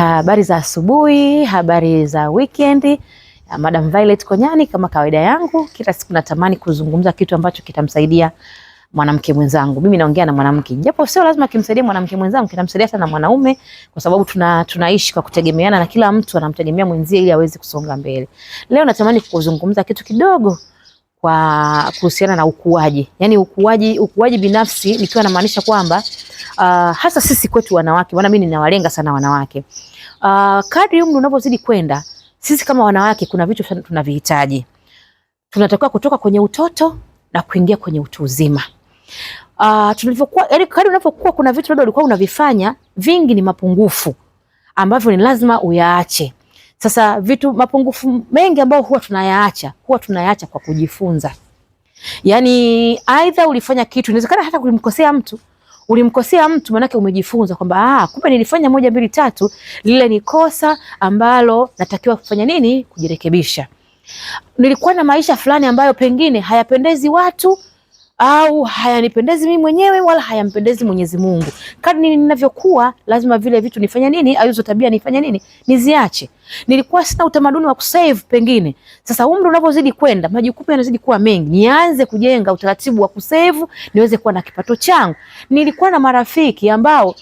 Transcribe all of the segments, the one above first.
habari za asubuhi, habari za weekend. Madam Violet Konyani, kama kawaida yangu, kila siku natamani kuzungumza kitu ambacho kitamsaidia mwanamke mwenzangu. Mimi naongea na mwanamke, japo sio lazima kimsaidie mwanamke mwenzangu, kinamsaidia sana mwanaume, kwa sababu tuna tunaishi kwa kutegemeana na kila mtu anamtegemea mwenzie ili aweze kusonga mbele. Leo natamani kuzungumza kitu kidogo kwa kuhusiana na ukuaji, yaani ukuaji, ukuaji binafsi, nikiwa namaanisha kwamba uh, hasa sisi kwetu wanawake, maana mimi ninawalenga sana wanawake. Uh, kadri umri unavyozidi kwenda, sisi kama wanawake kuna vitu tunavihitaji, tunatakiwa kutoka kwenye utoto na kuingia kwenye utu uzima. Uh, tulivyokuwa yani, kadri unavyokuwa kuna vitu labda ulikuwa unavifanya vingi ni mapungufu ambavyo ni lazima uyaache. Sasa vitu mapungufu mengi ambayo huwa tunayaacha huwa tunayaacha kwa kujifunza. Yaani aidha ulifanya kitu inawezekana hata kulimkosea mtu ulimkosea mtu, maanake umejifunza kwamba ah, kumbe nilifanya moja mbili tatu, lile ni kosa ambalo natakiwa kufanya nini, kujirekebisha. Nilikuwa na maisha fulani ambayo pengine hayapendezi watu au hayanipendezi mimi mwenyewe wala hayampendezi Mwenyezi Mungu. Kadri ninavyokuwa lazima vile vitu nifanya nini, au hizo tabia nifanya nini, niziache. Nilikuwa sina utamaduni wa kusave pengine. Sasa umri unavyozidi kwenda, majukumu yanazidi kuwa mengi. Nianze kujenga utaratibu wa kusave niweze kuwa na kipato changu. Nilikuwa na marafiki ambao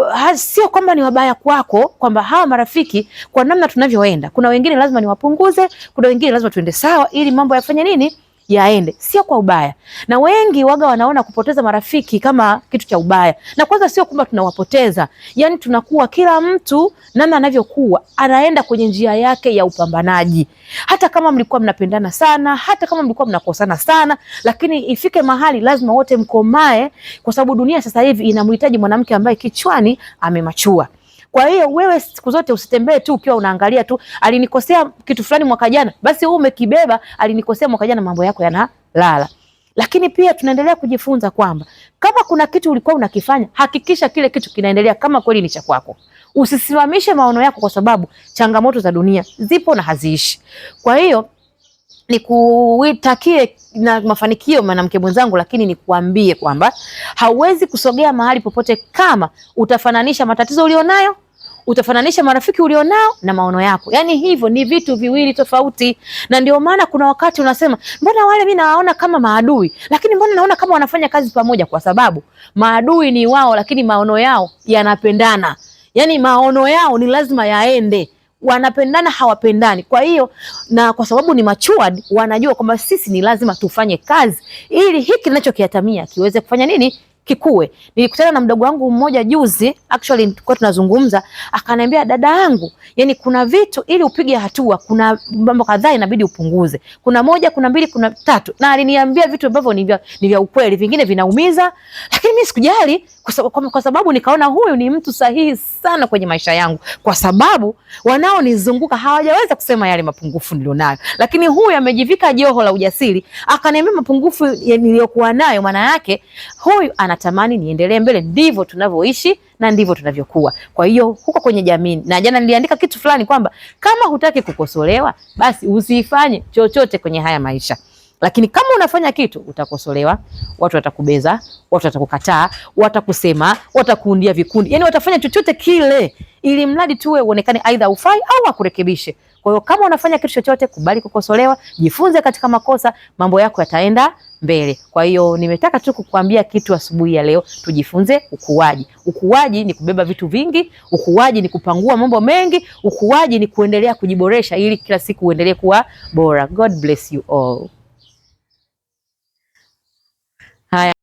Uh, sio kwamba ni wabaya kwako, kwamba hawa marafiki kwa namna tunavyoenda, kuna wengine lazima niwapunguze, kuna wengine lazima tuende sawa, ili mambo yafanye nini yaende, sio kwa ubaya. Na wengi waga wanaona kupoteza marafiki kama kitu cha ubaya, na kwanza sio kwamba tunawapoteza, yani tunakuwa kila mtu namna anavyokuwa anaenda kwenye njia yake ya upambanaji. Hata kama mlikuwa mnapendana sana, hata kama mlikuwa mnakosana sana, lakini ifike mahali lazima wote mkomae, kwa sababu dunia sasa hivi inamhitaji mwanamke ambaye kichwani amemachua. Kwa hiyo wewe siku zote usitembee tu ukiwa unaangalia tu, alinikosea kitu fulani mwaka jana, basi wewe umekibeba, alinikosea mwaka jana, mambo yako yanalala. Lakini pia tunaendelea kujifunza kwamba kama kuna kitu ulikuwa unakifanya, hakikisha kile kitu kinaendelea kama kweli ni cha kwako. Usisimamishe maono yako, kwa sababu changamoto za dunia zipo na haziishi. Kwa hiyo nikutakie na mafanikio mwanamke mwenzangu, lakini nikuambie kwamba hauwezi kusogea mahali popote kama utafananisha matatizo ulionayo, utafananisha marafiki ulionao na maono yako. Yaani hivyo ni vitu viwili tofauti, na ndio maana kuna wakati unasema mbona wale mimi nawaona kama maadui, lakini mbona naona kama wanafanya kazi pamoja, kwa sababu maadui ni wao, lakini maono yao yanapendana. Yaani maono yao ni lazima yaende wanapendana hawapendani. Kwa hiyo na kwa sababu ni matured, wanajua kwamba sisi ni lazima tufanye kazi ili hiki ninachokiatamia kiweze kufanya nini kikue. Nilikutana na mdogo wangu mmoja juzi, actually tulikuwa tunazungumza, akaniambia dada yangu, yani kuna vitu ili upige hatua, kuna mambo kadhaa inabidi upunguze. Kuna moja, kuna mbili, kuna tatu. Na aliniambia vitu ambavyo ni vya ni vya ukweli, vingine vinaumiza, lakini mimi sikujali kwa sababu nikaona huyu ni mtu sahihi sana kwenye maisha yangu, kwa sababu wanaonizunguka hawajaweza kusema yale mapungufu nilionayo, lakini huyu amejivika joho la ujasiri, akaniambia mapungufu niliyokuwa nayo, maana yake huyu ana anatamani niendelee mbele. Ndivyo tunavyoishi na ndivyo tunavyokuwa. Kwa hiyo huko kwenye jamii, na jana niliandika kitu fulani kwamba kama hutaki kukosolewa, basi usifanye chochote kwenye haya maisha. Lakini kama unafanya kitu utakosolewa, watu watakubeza, watu watakukataa, watakusema, watakuundia vikundi, yani watafanya chochote kile, ili mradi tu wewe uonekane aidha ufai au akurekebishe. Kwa hiyo kama unafanya kitu chochote, kubali kukosolewa, jifunze katika makosa, mambo yako yataenda mbele. Kwa hiyo nimetaka tu kukuambia kitu asubuhi ya leo, tujifunze ukuaji. Ukuaji ni kubeba vitu vingi, ukuaji ni kupangua mambo mengi, ukuaji ni kuendelea kujiboresha ili kila siku uendelee kuwa bora. God bless you all. Hi.